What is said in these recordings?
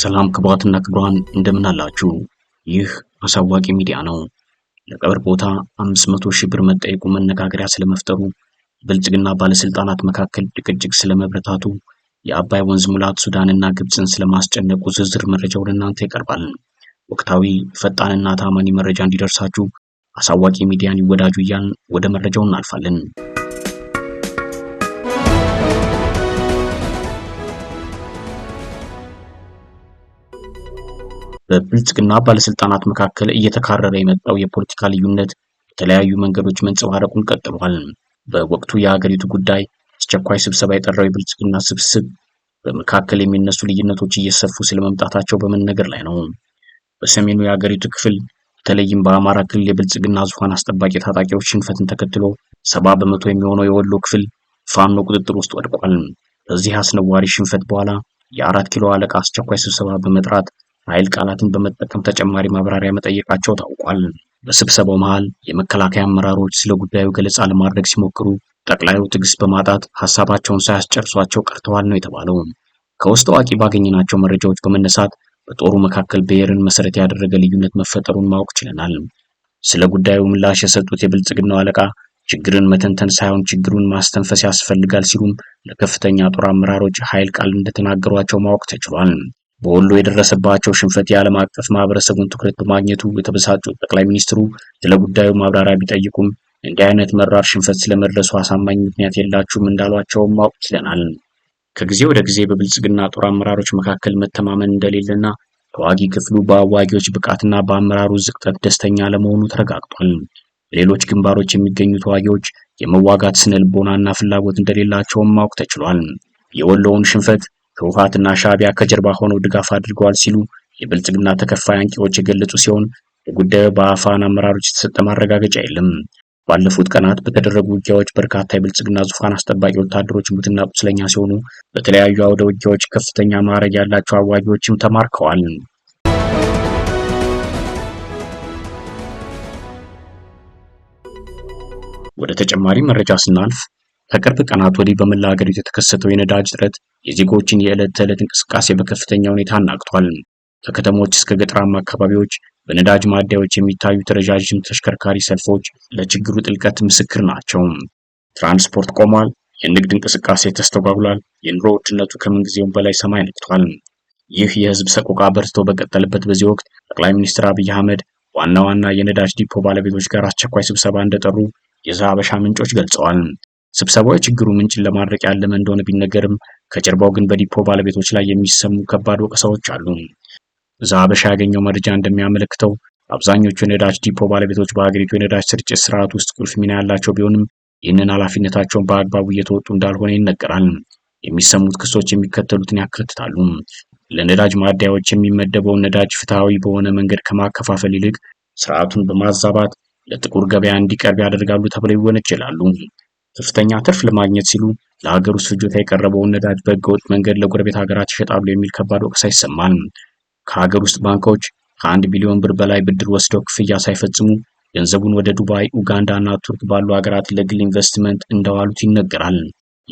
ሰላም ክቡራትና ክቡራን እንደምን አላችሁ? ይህ አሳዋቂ ሚዲያ ነው። ለቀብር ቦታ 500 ሺህ ብር መጠየቁ መነጋገሪያ ስለመፍጠሩ፣ ብልጽግና ባለስልጣናት መካከል ጭቅጭቅ ስለመብረታቱ፣ የአባይ ወንዝ ሙላት ሱዳንና ግብፅን ስለማስጨነቁ ዝርዝር መረጃ ወደ እናንተ ይቀርባል። ወቅታዊ ፈጣንና ታማኒ መረጃ እንዲደርሳችሁ አሳዋቂ ሚዲያን ይወዳጁ እያልን ወደ መረጃው እናልፋለን። በብልጽግና ባለስልጣናት መካከል እየተካረረ የመጣው የፖለቲካ ልዩነት በተለያዩ መንገዶች መንጸባረቁን ቀጥሏል። በወቅቱ የሀገሪቱ ጉዳይ አስቸኳይ ስብሰባ የጠራው የብልጽግና ስብስብ በመካከል የሚነሱ ልዩነቶች እየሰፉ ስለመምጣታቸው በመነገር ላይ ነው። በሰሜኑ የሀገሪቱ ክፍል በተለይም በአማራ ክልል የብልጽግና ዙፋን አስጠባቂ ታጣቂዎች ሽንፈትን ተከትሎ ሰባ በመቶ የሚሆነው የወሎ ክፍል ፋኖ ቁጥጥር ውስጥ ወድቋል። በዚህ አስነዋሪ ሽንፈት በኋላ የአራት ኪሎ አለቃ አስቸኳይ ስብሰባ በመጥራት ኃይል ቃላትን በመጠቀም ተጨማሪ ማብራሪያ መጠየቃቸው ታውቋል። በስብሰባው መሃል የመከላከያ አመራሮች ስለ ጉዳዩ ገለጻ ለማድረግ ሲሞክሩ ጠቅላዩ ትዕግስት በማጣት ሀሳባቸውን ሳያስጨርሷቸው ቀርተዋል ነው የተባለው። ከውስጥ አዋቂ ባገኘናቸው መረጃዎች በመነሳት በጦሩ መካከል ብሔርን መሰረት ያደረገ ልዩነት መፈጠሩን ማወቅ ችለናል። ስለ ጉዳዩ ምላሽ የሰጡት የብልጽግናው አለቃ ችግርን መተንተን ሳይሆን ችግሩን ማስተንፈስ ያስፈልጋል ሲሉም ለከፍተኛ ጦር አመራሮች ኃይል ቃል እንደተናገሯቸው ማወቅ ተችሏል። በወሎ የደረሰባቸው ሽንፈት የዓለም አቀፍ ማህበረሰቡን ትኩረት በማግኘቱ የተበሳጩት ጠቅላይ ሚኒስትሩ ስለ ጉዳዩ ማብራሪያ ቢጠይቁም እንዲህ አይነት መራር ሽንፈት ስለመድረሱ አሳማኝ ምክንያት የላችሁም እንዳሏቸውም ማወቅ ችለናል። ከጊዜ ወደ ጊዜ በብልጽግና ጦር አመራሮች መካከል መተማመን እንደሌለና ተዋጊ ክፍሉ በአዋጊዎች ብቃትና በአመራሩ ዝቅጠት ደስተኛ ለመሆኑ ተረጋግጧል። በሌሎች ግንባሮች የሚገኙ ተዋጊዎች የመዋጋት ስነ ልቦናና ፍላጎት እንደሌላቸውም ማወቅ ተችሏል። የወሎውን ሽንፈት ህወሓትና ሻዕቢያ ከጀርባ ሆነው ድጋፍ አድርገዋል ሲሉ የብልጽግና ተከፋይ አንቂዎች የገለጹ ሲሆን የጉዳዩ በአፋን አመራሮች የተሰጠ ማረጋገጫ የለም። ባለፉት ቀናት በተደረጉ ውጊያዎች በርካታ የብልጽግና ዙፋን አስጠባቂ ወታደሮች ሙትና ቁስለኛ ሲሆኑ በተለያዩ አውደ ውጊያዎች ከፍተኛ ማዕረግ ያላቸው አዋጊዎችም ተማርከዋል። ወደ ተጨማሪ መረጃ ስናልፍ ከቅርብ ቀናት ወዲህ በመላ ሀገሪቱ የተከሰተው የነዳጅ እጥረት የዜጎችን የዕለት ተዕለት እንቅስቃሴ በከፍተኛ ሁኔታ አናግቷል። ከከተሞች እስከ ገጠራማ አካባቢዎች በነዳጅ ማደያዎች የሚታዩት ረዣዥም ተሽከርካሪ ሰልፎች ለችግሩ ጥልቀት ምስክር ናቸው። ትራንስፖርት ቆሟል። የንግድ እንቅስቃሴ ተስተጓጉሏል። የኑሮ ውድነቱ ከምንጊዜውም በላይ ሰማይ ነክቷል። ይህ የህዝብ ሰቆቃ በርትቶ በቀጠለበት በዚህ ወቅት ጠቅላይ ሚኒስትር አብይ አህመድ ዋና ዋና የነዳጅ ዲፖ ባለቤቶች ጋር አስቸኳይ ስብሰባ እንደጠሩ የሀበሻ ምንጮች ገልጸዋል። ስብሰባው የችግሩ ምንጭን ለማድረቅ ያለመ እንደሆነ ቢነገርም ከጀርባው ግን በዲፖ ባለቤቶች ላይ የሚሰሙ ከባድ ወቀሳዎች አሉ። ሀበሻ ያገኘው መረጃ እንደሚያመለክተው አብዛኞቹ የነዳጅ ዲፖ ባለቤቶች በሀገሪቱ የነዳጅ ስርጭት ስርዓት ውስጥ ቁልፍ ሚና ያላቸው ቢሆንም ይህንን ኃላፊነታቸውን በአግባቡ እየተወጡ እንዳልሆነ ይነገራል። የሚሰሙት ክሶች የሚከተሉትን ያካትታሉ። ለነዳጅ ማደያዎች የሚመደበውን ነዳጅ ፍትሐዊ በሆነ መንገድ ከማከፋፈል ይልቅ ስርዓቱን በማዛባት ለጥቁር ገበያ እንዲቀርብ ያደርጋሉ ተብለው ይወነጀላሉ። ከፍተኛ ትርፍ ለማግኘት ሲሉ ለሀገር ውስጥ ፍጆታ የቀረበውን ነዳጅ በህገወጥ መንገድ ለጎረቤት ሀገራት ይሸጣሉ የሚል ከባድ ወቀሳ ይሰማል። ከሀገር ውስጥ ባንኮች ከአንድ ቢሊዮን ብር በላይ ብድር ወስደው ክፍያ ሳይፈጽሙ ገንዘቡን ወደ ዱባይ፣ ኡጋንዳ እና ቱርክ ባሉ ሀገራት ለግል ኢንቨስትመንት እንደዋሉት ይነገራል።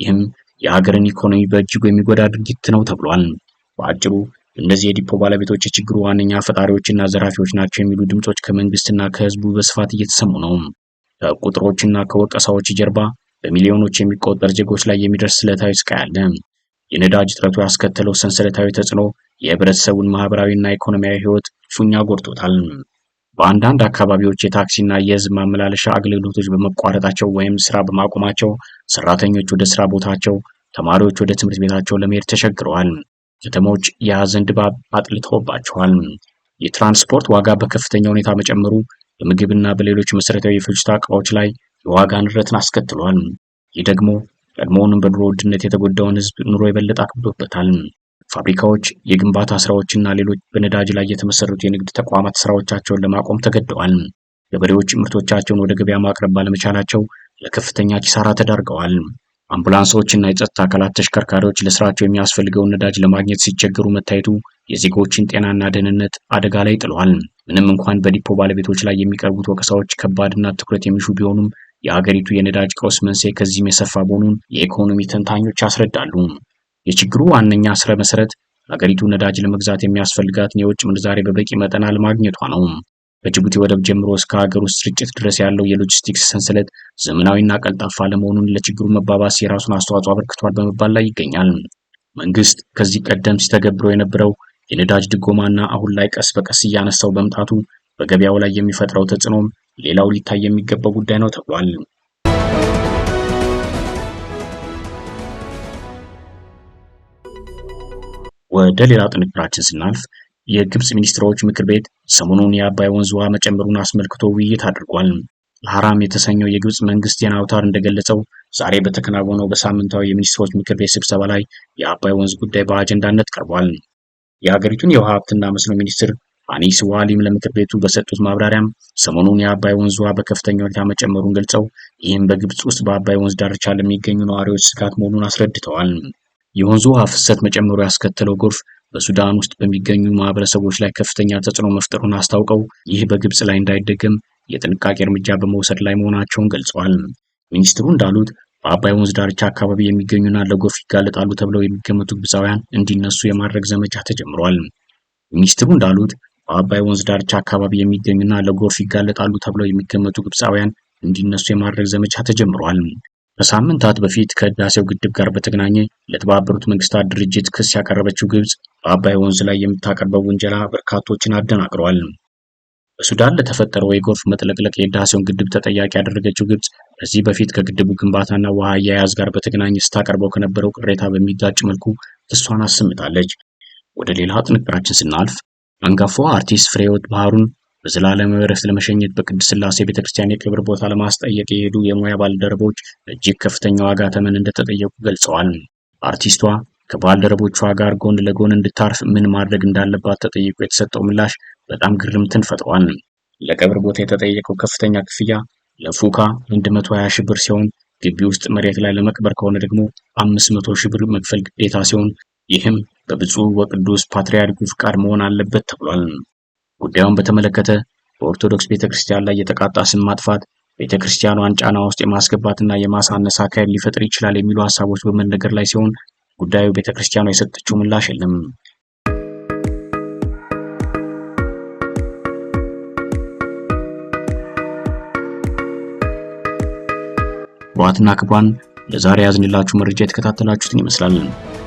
ይህም የሀገርን ኢኮኖሚ በእጅጉ የሚጎዳ ድርጊት ነው ተብሏል። በአጭሩ እነዚህ የዲፖ ባለቤቶች የችግሩ ዋነኛ ፈጣሪዎችና ዘራፊዎች ናቸው የሚሉ ድምጾች ከመንግስትና ከህዝቡ በስፋት እየተሰሙ ነው። ከቁጥሮችና ከወቀሳዎች ጀርባ በሚሊዮኖች የሚቆጠር ዜጎች ላይ የሚደርስ ስለታዊ ስቃይ አለ። የነዳጅ እጥረቱ ያስከተለው ሰንሰለታዊ ተጽዕኖ የህብረተሰቡን ማህበራዊና ኢኮኖሚያዊ ህይወት ሹኛ ጎድቶታል። በአንዳንድ አካባቢዎች የታክሲና የህዝብ ማመላለሻ አገልግሎቶች በመቋረጣቸው ወይም ስራ በማቆማቸው ሰራተኞች ወደ ስራ ቦታቸው፣ ተማሪዎች ወደ ትምህርት ቤታቸው ለመሄድ ተቸግረዋል። ከተሞች የሀዘን ድባብ አጥልተውባቸዋል። የትራንስፖርት ዋጋ በከፍተኛ ሁኔታ መጨመሩ በምግብና በሌሎች መሰረታዊ የፍጆታ እቃዎች ላይ የዋጋ ንረትን አስከትሏል። ይህ ደግሞ ቀድሞውንም በኑሮ ውድነት የተጎዳውን ህዝብ ኑሮ የበለጠ አክብዶበታል። ፋብሪካዎች፣ የግንባታ ስራዎችና ሌሎች በነዳጅ ላይ የተመሰረቱ የንግድ ተቋማት ስራዎቻቸውን ለማቆም ተገደዋል። ገበሬዎች ምርቶቻቸውን ወደ ገበያ ማቅረብ ባለመቻላቸው ለከፍተኛ ኪሳራ ተዳርገዋል። አምቡላንሶችና የጸጥታ አካላት ተሽከርካሪዎች ለስራቸው የሚያስፈልገውን ነዳጅ ለማግኘት ሲቸገሩ መታየቱ የዜጎችን ጤናና ደህንነት አደጋ ላይ ጥሏል። ምንም እንኳን በዲፖ ባለቤቶች ላይ የሚቀርቡት ወቀሳዎች ከባድና ትኩረት የሚሹ ቢሆኑም የሀገሪቱ የነዳጅ ቀውስ መንስኤ ከዚህም የሰፋ መሆኑን የኢኮኖሚ ተንታኞች ያስረዳሉ። የችግሩ ዋነኛ ስረ መሰረት ሀገሪቱ ነዳጅ ለመግዛት የሚያስፈልጋትን የውጭ ምንዛሬ በበቂ መጠን አለማግኘቷ ነው። በጅቡቲ ወደብ ጀምሮ እስከ ሀገር ውስጥ ስርጭት ድረስ ያለው የሎጂስቲክስ ሰንሰለት ዘመናዊና ቀልጣፋ ለመሆኑን ለችግሩ መባባስ የራሱን አስተዋጽኦ አበርክቷል በመባል ላይ ይገኛል። መንግስት ከዚህ ቀደም ሲተገብረው የነበረው የነዳጅ ድጎማና አሁን ላይ ቀስ በቀስ እያነሳው በመምጣቱ በገበያው ላይ የሚፈጥረው ተጽዕኖም ሌላው ሊታይ የሚገባው ጉዳይ ነው ተብሏል። ወደ ሌላ ጥንቅራችን ስናልፍ የግብፅ ሚኒስትሮች ምክር ቤት ሰሞኑን የአባይ ወንዝ ውሃ መጨመሩን አስመልክቶ ውይይት አድርጓል። ለሐራም የተሰኘው የግብፅ መንግስት ዜና አውታር እንደገለጸው ዛሬ በተከናወነው በሳምንታዊ የሚኒስትሮች ምክር ቤት ስብሰባ ላይ የአባይ ወንዝ ጉዳይ በአጀንዳነት ቀርቧል። የሀገሪቱን የውሃ ሀብትና መስኖ ሚኒስትር አኒስ ዋሊም ለምክር ቤቱ በሰጡት ማብራሪያም ሰሞኑን የአባይ ወንዝ ውሃ በከፍተኛ ሁኔታ መጨመሩን ገልጸው ይህም በግብፅ ውስጥ በአባይ ወንዝ ዳርቻ ለሚገኙ ነዋሪዎች ስጋት መሆኑን አስረድተዋል። የወንዙ ውሃ ፍሰት መጨመሩ ያስከተለው ጎርፍ በሱዳን ውስጥ በሚገኙ ማህበረሰቦች ላይ ከፍተኛ ተጽዕኖ መፍጠሩን አስታውቀው ይህ በግብፅ ላይ እንዳይደገም የጥንቃቄ እርምጃ በመውሰድ ላይ መሆናቸውን ገልጸዋል። ሚኒስትሩ እንዳሉት በአባይ ወንዝ ዳርቻ አካባቢ የሚገኙና ለጎርፍ ይጋለጣሉ ተብለው የሚገመቱ ግብፃውያን እንዲነሱ የማድረግ ዘመቻ ተጀምሯል። ሚኒስትሩ እንዳሉት በአባይ ወንዝ ዳርቻ አካባቢ የሚገኙና ለጎርፍ ይጋለጣሉ ተብለው የሚገመቱ ግብፃውያን እንዲነሱ የማድረግ ዘመቻ ተጀምሯል። ከሳምንታት በፊት ከህዳሴው ግድብ ጋር በተገናኘ ለተባበሩት መንግስታት ድርጅት ክስ ያቀረበችው ግብፅ በአባይ ወንዝ ላይ የምታቀርበው ውንጀላ በርካቶችን አደናቅሯል። በሱዳን ለተፈጠረው የጎርፍ መጥለቅለቅ የህዳሴውን ግድብ ተጠያቂ ያደረገችው ግብፅ ከዚህ በፊት ከግድቡ ግንባታና ውሃ አያያዝ ጋር በተገናኘ ስታቀርበው ከነበረው ቅሬታ በሚጋጭ መልኩ ክሷን አሰምታለች። ወደ ሌላ ጥንቅራችን ስናልፍ አንጋፋዋ አርቲስት ፍሬህይወት ባህሩን በዘላለም ርዕስ ለመሸኘት በቅድስት ስላሴ ቤተ ክርስቲያን የክብር ቦታ ለማስጠየቅ የሄዱ የሙያ ባልደረቦች እጅግ ከፍተኛ ዋጋ ተመን እንደተጠየቁ ገልጸዋል። አርቲስቷ ከባልደረቦቿ ጋር ጎን ለጎን እንድታርፍ ምን ማድረግ እንዳለባት ተጠይቆ የተሰጠው ምላሽ በጣም ግርምትን ፈጥሯል። ለቀብር ቦታ የተጠየቀው ከፍተኛ ክፍያ ለፉካ 120 ሺህ ብር ሲሆን ግቢ ውስጥ መሬት ላይ ለመቅበር ከሆነ ደግሞ 500 ሺህ ብር መክፈል ግዴታ ሲሆን ይህም በብፁዕ ወቅዱስ ፓትርያርኩ ፍቃድ መሆን አለበት ተብሏል። ጉዳዩን በተመለከተ በኦርቶዶክስ ቤተክርስቲያን ላይ የተቃጣ ስም ማጥፋት ቤተ ክርስቲያኗን ጫና ውስጥ የማስገባትና የማሳነስ አካሄድ ሊፈጥር ይችላል የሚሉ ሀሳቦች በመነገር ላይ ሲሆን ጉዳዩ ቤተ ክርስቲያኗ የሰጠችው ምላሽ የለም። ክቡራትና ክቡራን ለዛሬ ያዝንላችሁ መረጃ የተከታተላችሁትን ይመስላል።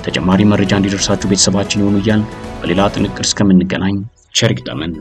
ተጨማሪ መረጃ እንዲደርሳችሁ ቤተሰባችን ይሆኑ እያል በሌላ ጥንቅር እስከምንገናኝ ቸር ይግጠመን።